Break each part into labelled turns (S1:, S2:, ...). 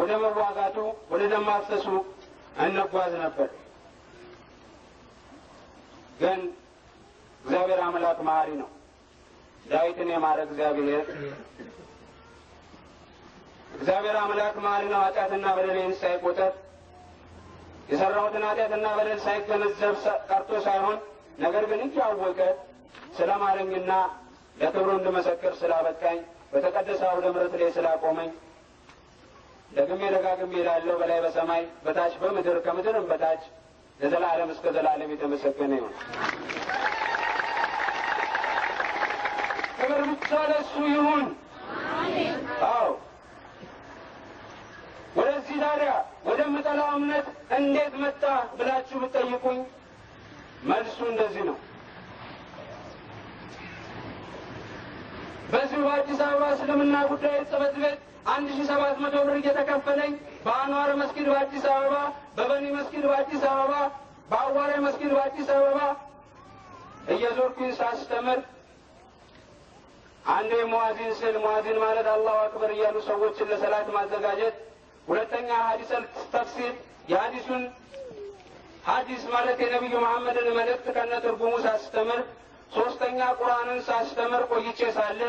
S1: ወደ መዋጋቱ፣ ወደ ደም ማፍሰሱ እንጓዝ ነበር። ግን እግዚአብሔር አምላክ መሐሪ ነው። ዳዊትን የማረ እግዚአብሔር እግዚአብሔር አምላክ መሐሪ ነው። ኃጢአትና በደሌን ሳይቆጠር የሰራሁትን ኃጢአትና በደል ሳይገነዘብ ቀርቶ ሳይሆን ነገር ግን እያወቀ ስለ ማረኝና ለክብሩ እንድመሰክር ስላበቃኝ በተቀደሰ አውደ ምሕረት ላይ ስላቆመኝ ደግሜ ደጋግሜ እላለሁ በላይ በሰማይ በታች በምድር ከምድርም በታች ለዘላለም እስከ ዘላለም የተመሰገነ ይሁን። ክብር ብቻ ለእሱ ይሁን። አዎ ወደዚህ ታዲያ ወደምጠላው እምነት እንዴት መጣ ብላችሁ ብትጠይቁኝ መልሱ እንደዚህ ነው። በዚሁ በአዲስ አበባ እስልምና ጉዳይ ጽሕፈት ቤት አንድ ሺ ሰባት መቶ ብር እየተከፈለኝ በአንዋር መስጊድ በአዲስ አበባ፣ በበኒ መስጊድ በአዲስ አበባ፣ በአዋራይ መስጊድ በአዲስ አበባ እየዞርኩኝ ሳስተምር አንዴ ሙዋዚን ስል ሙዋዚን ማለት አላሁ አክበር እያሉ ሰዎችን ለሰላት ማዘጋጀት፣ ሁለተኛ ሀዲስ ተፍሲር የሀዲሱን ሀዲስ ማለት የነቢዩ መሐመድን መልእክት ከነ ትርጉሙ ሳስተምር ሶስተኛ ቁርአንን ሳስተምር ቆይቼ ሳለ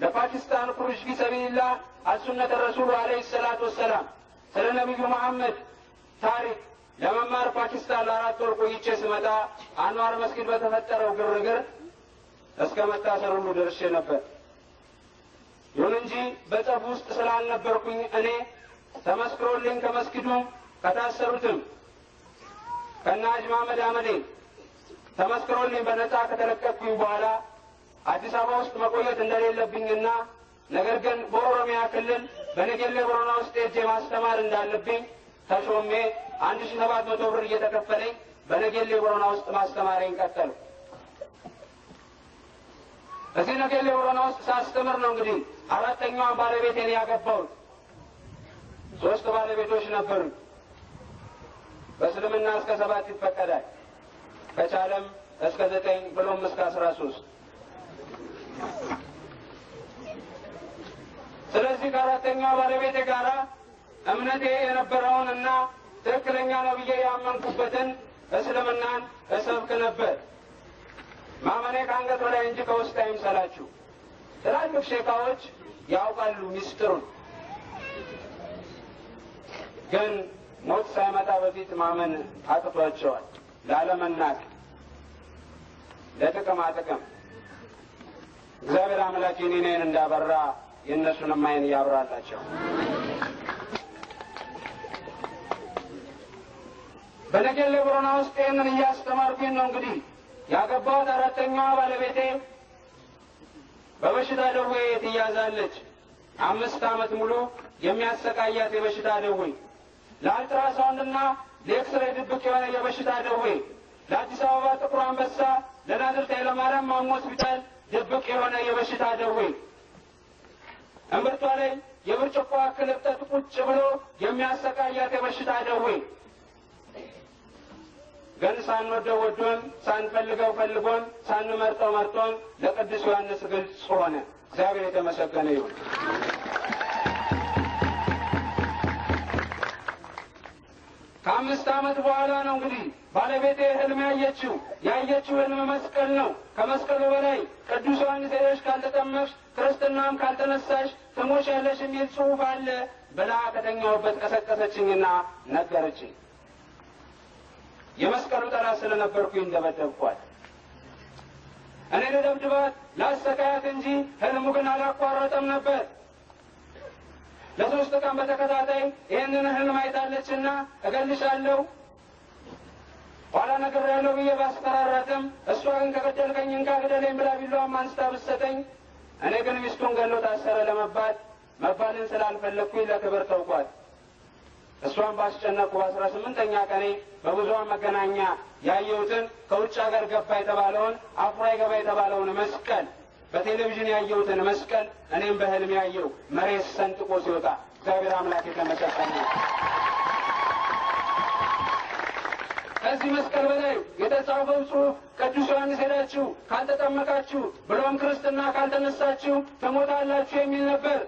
S1: ለፓኪስታን ኩሩጅ ፊሰቢልላ አሱነተ ረሱሉ አለይሂ ሰላቱ ወሰላም ስለ ነቢዩ መሐመድ ታሪክ ለመማር ፓኪስታን ለአራት ወር ቆይቼ ስመጣ አንዋር መስጊድ በተፈጠረው ግርግር እስከ መታሰር ሁሉ ደርሼ ነበር። ይሁን እንጂ በጸብ ውስጥ ስላልነበርኩኝ እኔ ተመስክሮልኝ ከመስጊዱ ከታሰሩትም ከነ አጅማ መድ ተመስክሮልኝ በነጻ ከተለቀቅኩኝ በኋላ አዲስ አበባ ውስጥ መቆየት እንደሌለብኝና ነገር ግን በኦሮሚያ ክልል በነገሌ ቦረና ውስጥ ሄጄ ማስተማር እንዳለብኝ ተሾሜ አንድ ሺ ሰባት መቶ ብር እየተከፈለኝ በነጌሌ ቦረና ውስጥ ማስተማሪያን ቀጠሉ። እዚህ ነጌሌ ቦረና ውስጥ ሳስተምር ነው እንግዲህ አራተኛዋን ባለቤቴን ያገባሁት። ሶስት ባለቤቶች ነበሩ። በእስልምና እስከ ሰባት ይፈቀዳል። ከቻለም እስከ ዘጠኝ ብሎም እስከ አስራ ሶስት ስለዚህ ከአራተኛው ባለቤቴ ጋራ እምነቴ የነበረውን እና ትክክለኛ ነው ብዬ ያመንኩበትን እስልምናን እሰብክ ነበር። ማመኔ ከአንገት በላይ እንጂ ከውስጥ አይምሰላችሁ። ትላልቅ ሼካዎች ያውቃሉ ሚስጥሩን። ግን ሞት ሳይመጣ በፊት ማመን አቅቷቸዋል ላለመናቅ ለጥቅማ ጥቅም እግዚአብሔር አምላክ የኔን እንዳበራ የእነሱንም ዓይን እያብራላቸው። በነገሌ ቦረና ውስጥ ይህንን እያስተማርኩኝ ነው። እንግዲህ ያገባት አራተኛዋ ባለቤቴ በበሽታ ደዌ ትያዛለች። አምስት ዓመት ሙሉ የሚያሰቃያት የበሽታ ደዌ ለአልትራሳውንድና ለኤክስሬ ድብቅ የሆነ የበሽታ ደዌ ለአዲስ አበባ ጥቁር አንበሳ፣ ለናዝሬት ኃይለማርያም ማሞ ሆስፒታል ድብቅ የሆነ የበሽታ ደዌ እምርቷ ላይ የብርጭቆ ክልብጠት ቁጭ ብሎ የሚያሰቃያት የበሽታ ደዌ ግን ሳንወደው ወዶን ሳንፈልገው ፈልጎን ሳንመርጠው መርጦን ለቅዱስ ዮሐንስ ግልጽ ሆነ። እግዚአብሔር የተመሰገነ ይሁን። ከአምስት ዓመት በኋላ ነው እንግዲህ ባለቤቴ ህልም ያየችው ያየችው ህልም መስቀል ነው። ከመስቀሉ በላይ ቅዱስ ዮሐንስ ሄደሽ ካልተጠመቅሽ ክርስትናም ካልተነሳሽ ያለሽ የሚል ጽሑፍ አለ ብላ ከተኛውበት ቀሰቀሰችኝና ነገረችኝ። የመስቀሉ ጠላት ስለነበርኩኝ ይንደበደብኳል። እኔ ለደብድባት ላሰቃያት እንጂ ህልሙ ግን አላቋረጠም ነበር። ለሶስት ቀን በተከታታይ ይህንን ህልም አይታለችና እገልሻለሁ ኋላ ነገር ያለው ብዬ ባስፈራራትም እሷ ግን ቀኝ እንካ ግደለኝ ብላ ቢሏም አንስታ ብሰጠኝ እኔ ግን ሚስቱን ገሎ ታሰረ ለመባት መባልን ስላልፈለግኩኝ ለክብር ተውኳት። እሷን ባስጨነቅኩ በአስራ ስምንተኛ ቀኔ በብዙሃን መገናኛ ያየሁትን ከውጭ ሀገር ገባ የተባለውን አፍራ ገባ የተባለውን መስቀል በቴሌቪዥን ያየሁትን መስቀል እኔም በህልም ያየው መሬት ሰንጥቆ ሲወጣ እግዚአብሔር አምላክ የተመሰጠነ ከዚህ መስቀል በላይ የተጻፈው ጽሑፍ ቅዱስ ዮሐንስ ሄዳችሁ ካልተጠመቃችሁ ብሎም ክርስትና ካልተነሳችሁ ትሞታላችሁ የሚል ነበር።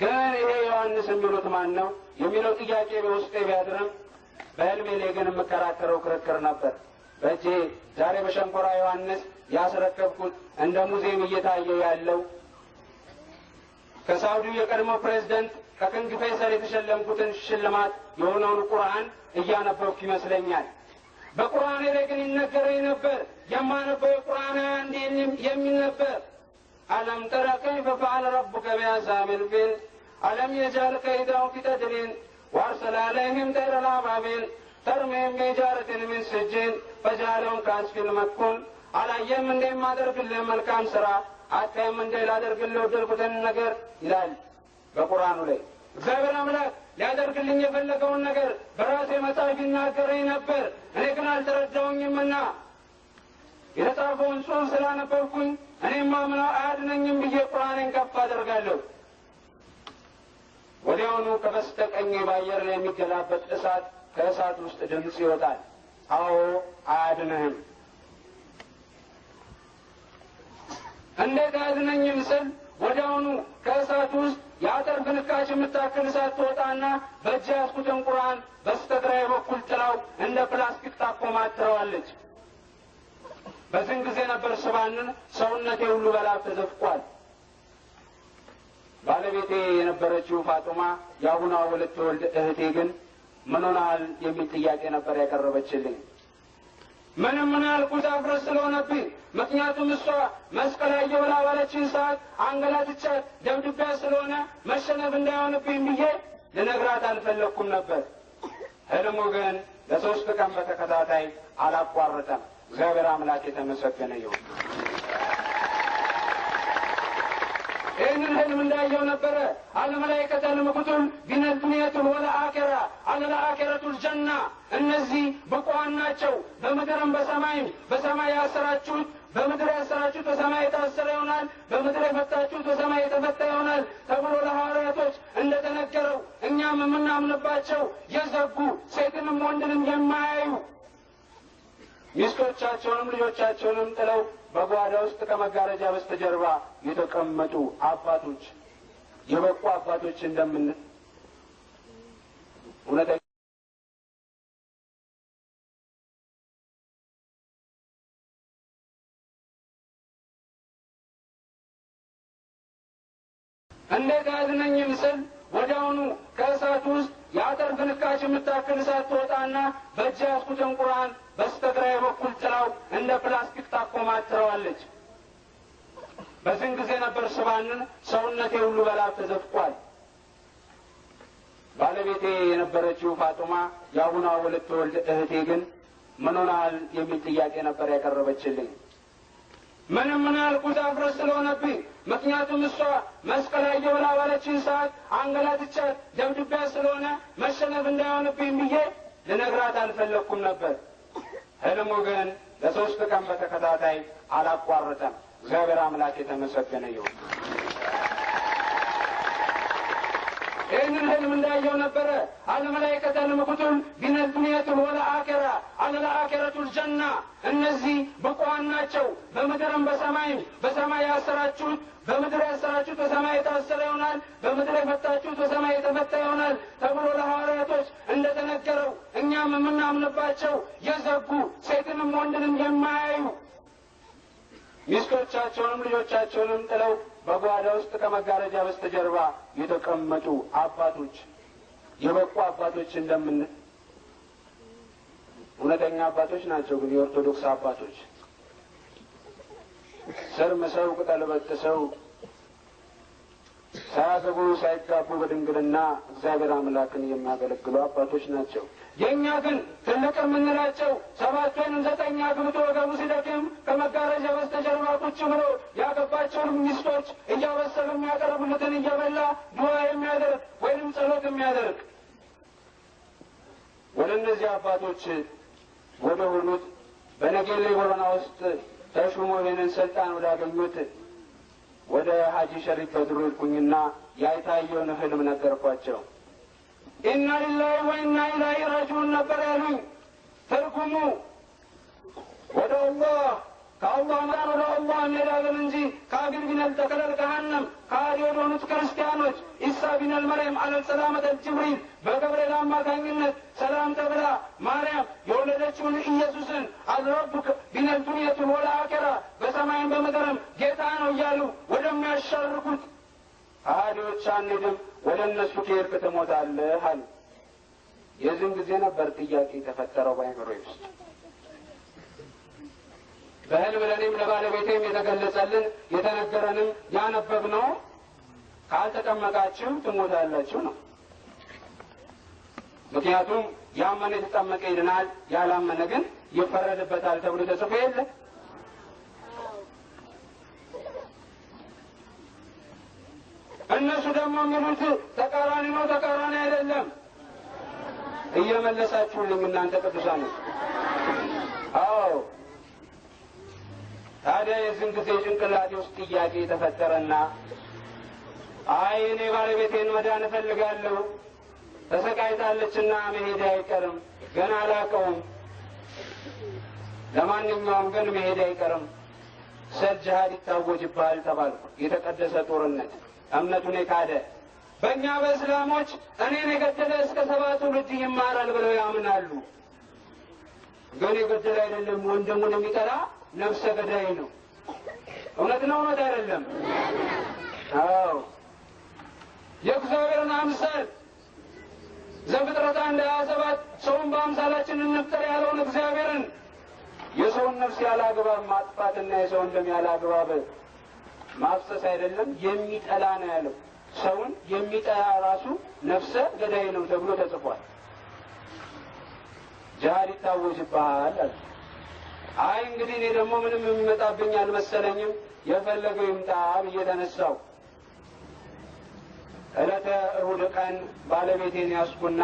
S1: ግን ይሄ ዮሐንስ የሚሉት ማን ነው የሚለው ጥያቄ በውስጤ ቢያድርም በህልሜ ላይ ግን የምከራከረው ክርክር ነበር። በእጄ ዛሬ በሸንኮራ ዮሐንስ ያስረከብኩት እንደ ሙዚየም እየታየ ያለው ከሳውዲው የቀድሞ ፕሬዚደንት ከክንግ ፌሰር የተሸለምኩትን ሽልማት የሆነውን ቁርአን እያነበብኩ ይመስለኛል። በቁርአን ላይ ግን ይነገረኝ ነበር የማነበው የቁርአን አንድ የሚል ነበር። አለም ተረ ከይፈ ፈዐለ ረቡከ ቢአስሓቢል ፊል አለም የጃል ከይዳው ፊተድሪን ተድሊል ወአርሰለ ዐለይሂም ጠይረን አባቢል ተርሚሂም ቢሒጃረቲን ሚን ሲጅጂል ፈጀዐለሁም ከዐስፊን መኩል። አላየም እንደማደርግልህ መልካም ስራ አታይም እንደ ላደርግልህ የወደድኩትን ነገር ይላል። በቁርአኑ ላይ እግዚአብሔር አምላክ ሊያደርግልኝ የፈለገውን ነገር በራሴ መጽሐፍ ይናገረኝ ነበር። እኔ ግን አልተረዳውኝምና የተጻፈውን ጽሁፍ ስላነበብኩኝ እኔም አምነው አያድነኝም ብዬ ቁርአኔን ከፍ አደርጋለሁ። ወዲያውኑ ከበስተቀኝ በአየር ላይ የሚገላበት እሳት ከእሳት ውስጥ ድምፅ ይወጣል። አዎ አያድነህም እንዴት አያድነኝም ስል ወዲያውኑ ከእሳት ውስጥ የአተር ፍንካች የምታክል እሳት ትወጣና በእጅ ያዝኩትን ቁርአን በስተግራዬ በኩል ጥላው እንደ ፕላስቲክ ታኮማትረዋለች። በዚህን ጊዜ ነበር ስባንን ሰውነቴ ሁሉ በላብ ተዘፍቋል። ባለቤቴ የነበረችው ፋጡማ የአቡነ ወለት ወልድ እህቴ ግን ምን ሆናል የሚል ጥያቄ ነበር ያቀረበችልኝ። ምንም ምን ያልኩት አፍረስ ስለሆነብኝ ምክንያቱም እሷ መስቀል አየሁላ ባለችኝ ሰዓት አንገላትቻት ደብድቤ ስለሆነ መሸነፍ እንዳይሆንብኝ ብዬ ልነግራት አልፈለግኩም ነበር። ህልሙ ግን ለሶስት ቀን በተከታታይ አላቋረጠም። እግዚአብሔር አምላክ የተመሰገነ ይሁን። ይህንን ህልም እንዳየው ነበረ አልመላይከተ ልምኩቱል ቢነድንየቱል ወለ አኬራ አለለ አኬረቱል ጀና እነዚህ ብቁዋን ናቸው። በምድርም በሰማይም በሰማይ ያሰራችሁት በምድር ያሰራችሁ በሰማይ የታሰረ ይሆናል፣ በምድር የፈታችሁ በሰማይ የተፈታ ይሆናል ተብሎ ለሐዋርያቶች እንደተነገረው እኛም የምናምንባቸው የዘጉ ሴትንም ወንድንም የማያዩ ሚስቶቻቸውንም ልጆቻቸውንም ጥለው በጓዳ ውስጥ ከመጋረጃ በስተጀርባ የተቀመጡ አባቶች የበቁ አባቶች እንደምን እውነተኛ እንደ ጋዝ ነኝ ምስል ወዲያውኑ ከእሳት ውስጥ የአተር ፍንካች የምታክል እሳት ትወጣና በእጅ ያዝኩትን ቁርአን በስተግራዬ በኩል ጥላው እንደ ፕላስቲክ ታኮማትረዋለች። በዚህን ጊዜ ነበር ስባንን ሰውነቴ ሁሉ በላብ ተዘፍቋል። ባለቤቴ የነበረችው ፋጡማ የአቡነ ወልድ እህቴ ግን ምን ሆናል የሚል ጥያቄ ነበር ያቀረበችልኝ። ምንም ምን ያልኩት አፍረስ ስለሆነብኝ ምክንያቱም እሷ መስቀል አየሁላ ባለችን ሰዓት አንገላትቻት ደብድቢያ ስለሆነ መሸነፍ እንዳይሆንብኝ ብዬ ልነግራት አልፈለግኩም ነበር። ህልሙ ግን ለሶስት ቀን በተከታታይ አላቋረጠም። እግዚአብሔር አምላክ የተመሰገነ ይሁን። ይህንን ህልም እንዳየው ነበረ። አልመላይከተን ምኩቱል ቢነዱንየቱል ወለአኬራ አለለአኬረቱል ጀና እነዚህ ብቁሃን ናቸው። በምድርም በሰማይም በሰማይ ያሰራችሁት በምድር ያሰራችሁት በሰማይ የታሰረ ይሆናል፣ በምድር የፈታችሁት በሰማይ የተፈታ ይሆናል ተብሎ ለሐዋርያቶች እንደተነገረው እኛም የምናምንባቸው የዘጉ ሴትንም ወንድንም የማያዩ ሚስቶቻቸውንም ልጆቻቸውንም ጥለው በጓዳ ውስጥ ከመጋረጃ በስተጀርባ የተቀመጡ አባቶች የበቁ አባቶች እንደምን እውነተኛ አባቶች ናቸው። ግን የኦርቶዶክስ አባቶች ስር ምሰው ቅጠል በጥሰው ሳያገቡ ሳይጋቡ በድንግልና እግዚአብሔር አምላክን የሚያገለግሉ አባቶች ናቸው። የእኛ ግን ትልቅ የምንላቸው ሰባት ወይም ዘጠኝ አግብቶ ወገቡ ሲደክም ከመጋረጃ በስተጀርባ ቁጭ ብሎ ያገባቸውን ሚስቶች እያበሰሉ የሚያቀርቡትን እየበላ ድዋ የሚያደርግ ወይንም ጸሎት የሚያደርግ ወደ እነዚህ አባቶች ወደ ሆኑት በነጌሌ ቦረና ውስጥ ተሹሞ ይህንን ስልጣን ወዳገኙት ወደ ሀጂ ሸሪፍ በድሮ ሄድኩኝና ያይታየውን ህልም ነገርኳቸው። ኢና ሊላሂ ወኢና ኢላሂ ራጂዑን ነበር ያሉኝ። ትርጉሙ ወደ አላህ ከአላህ ማር ወደ አላህ እንሄዳለን እንጂ ካፊር ቢነል ተከለል ገሃነም ከሃዲ የሆኑት ክርስቲያኖች ኢሳ ቢነል መርየም አለ ሰላመተ ጅብሪል በገብርኤል አማካኝነት ሰላም ተብላ ማርያም የወለደችውን ኢየሱስን አልረቡክ ቢነል ዱንየቱል ወል አኬራ በሰማይም በምድርም ጌታ ነው እያሉ ወደሚያሻርኩት ከሃዲዎች አንድም ወደ እነሱ ከሄድክ ትሞታለህ አሉ። የዚህም ጊዜ ነበር ጥያቄ የተፈጠረው በአይምሮ ውስጥ። በህልም ለእኔም ለባለቤቴም የተገለጸልን የተነገረንም ያነበብነው ካልተጠመቃችሁ ትሞታላችሁ ነው። ምክንያቱም ያመነ የተጠመቀ ይድናል፣ ያላመነ ግን ይፈረድበታል ተብሎ ተጽፎ የለም። እነሱ ደግሞ የሚሉት ተቃራኒ ነው፣ ተቃራኒ አይደለም። እየመለሳችሁልኝ እናንተ ቅዱሳን። አዎ ታዲያ የዚህን ጊዜ ጭንቅላቴ ውስጥ ጥያቄ የተፈጠረና አይ እኔ ባለቤቴን መዳን እፈልጋለሁ ተሰቃይታለችና መሄድ አይቀርም፣ ገና አላቀውም። ለማንኛውም ግን መሄድ አይቀርም። ሰል ጅሃድ ይታወጅብሃል ተባልኩ። የተቀደሰ ጦርነት እምነቱን የካደ በእኛ በእስላሞች እኔን የገደለ እስከ ሰባቱ ልጅ ይማራል ብለው ያምናሉ። ግን የገደለ አይደለም፣ ወንድሙን የሚጠላ ነፍሰ ገዳይ ነው። እውነት ነው፣ እውነት አይደለም? አዎ የእግዚአብሔርን አምሳል ዘፍጥረት አንድ ሀያ ሰባት ሰውን በአምሳላችን እንፍጠር ያለውን እግዚአብሔርን የሰውን ነፍስ ያለ አግባብ ማጥፋትና የሰውን ደም ያለ አግባብ ማፍሰስ አይደለም የሚጠላ ነው ያለው። ሰውን የሚጠላ ራሱ ነፍሰ ገዳይ ነው ተብሎ ተጽፏል። ጃሃድ ይታወጅብሃል አለ። አይ እንግዲህ እኔ ደግሞ ምንም የሚመጣብኝ አልመሰለኝም የፈለገው ይምጣ ብዬ ተነሳው። ዕለተ እሁድ ቀን ባለቤቴን ያስኩና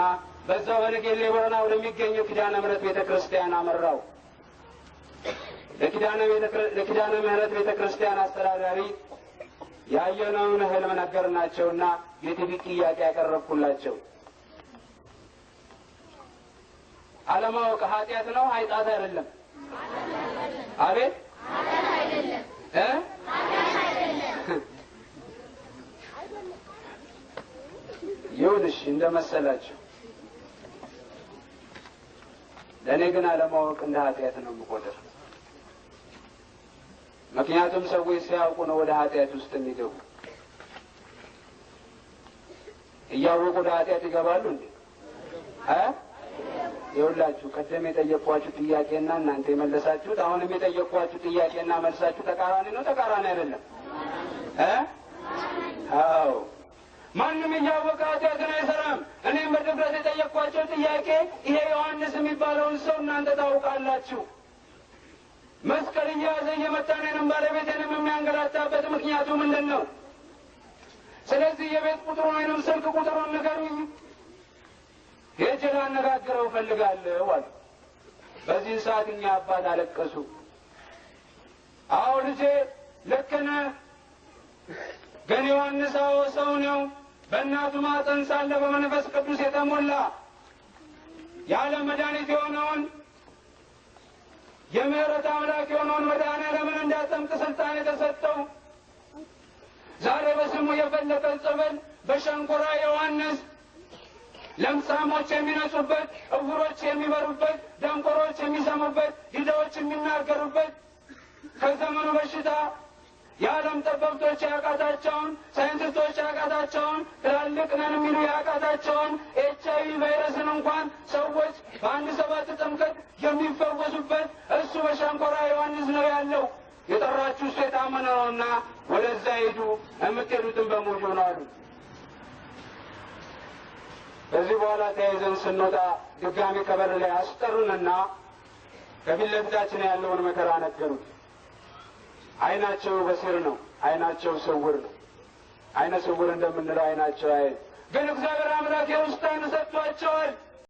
S1: በዛው ጌሌ በሆና ወደሚገኘው ኪዳነ ምሕረት ቤተ ክርስቲያን አመራው። ለኪዳነ ምሕረት ቤተ ክርስቲያን አስተዳዳሪ ያየነውን ህልም ነገርናቸውና የትቢት ጥያቄ ያቀረብኩላቸው አለማወቅ ኃጢአት ነው አይጣት አይደለም አቤት ይሁንሽ እንደመሰላቸው ለእኔ ግን አለማወቅ እንደ ኃጢአት ነው የምቆጥር ምክንያቱም ሰዎች ሳያውቁ ነው ወደ ኃጢአት ውስጥ የሚገቡ። እያወቁ ወደ ኃጢአት ይገባሉ እንዴ? ይኸውላችሁ ቀደም የጠየቅኳችሁ ጥያቄና እናንተ የመለሳችሁት አሁንም የጠየቅኳችሁ ጥያቄና መልሳችሁ ተቃራኒ ነው። ተቃራኒ አይደለም። አዎ ማንም እያወቀ ኃጢአትን አይሰራም። እኔም በድፍረት የጠየቅኳቸው ጥያቄ ይሄ ዮሐንስ የሚባለውን ሰው እናንተ ታውቃላችሁ መስቀልኛ ያዘኝ የመታኔንም ባለቤቴንም የሚያንገላታበት ምክንያቱ ምንድን ነው? ስለዚህ የቤት ቁጥሩ ወይንም ስልክ ቁጥሩን ንገሩኝ፣ ሄጄ ላነጋግረው እፈልጋለሁ አሉ። በዚህ ሰዓት እኛ አባት አለቀሱ። አዎ ልጄ ልክ ነህ፣ ግን ዮሐንስ አዎ ሰው ነው፣ በእናቱ ማጠን ሳለ በመንፈስ ቅዱስ የተሞላ ያለ መድኃኒት የሆነውን የምህረት አምላክ የሆነውን መድኃኔዓለምን እንዳጠምቅ ስልጣን የተሰጠው ዛሬ በስሙ የፈለቀን ጽበል በሸንኮራ ዮሐንስ ለምጻሞች የሚነጹበት፣ እውሮች የሚበሩበት፣ ደንቆሮች የሚሰሙበት፣ ድሆች የሚናገሩበት ከዘመኑ በሽታ የዓለም ጠበብቶች ያቃታቸውን፣ ሳይንቲስቶች ያቃታቸውን፣ ትላልቅ ነን የሚሉ ያቃታቸውን ኤች አይ ቪ ቫይረስን እንኳን ሰዎች በአንድ ሰባት ጥምቀት የሚፈወሱበት እሱ በሸንኮራ ዮሐንስ ነው ያለው። የጠራችሁ እሱ የታመነ ነውና ወደዛ ሄዱ፣ የምትሄዱትን በሙሉ ነው አሉ። ከዚህ በኋላ ተያይዘን ስንወጣ ድጋሚ ከበር ላይ አስጠሩንና ከፊት ለፊታችን ያለውን መከራ ነገሩት። አይናቸው በስር ነው። አይናቸው ስውር ነው። አይነ ስውር እንደምንለው አይናቸው አይ ግን እግዚአብሔር አምላክ የውስጥ አይን ሰጥቷቸዋል።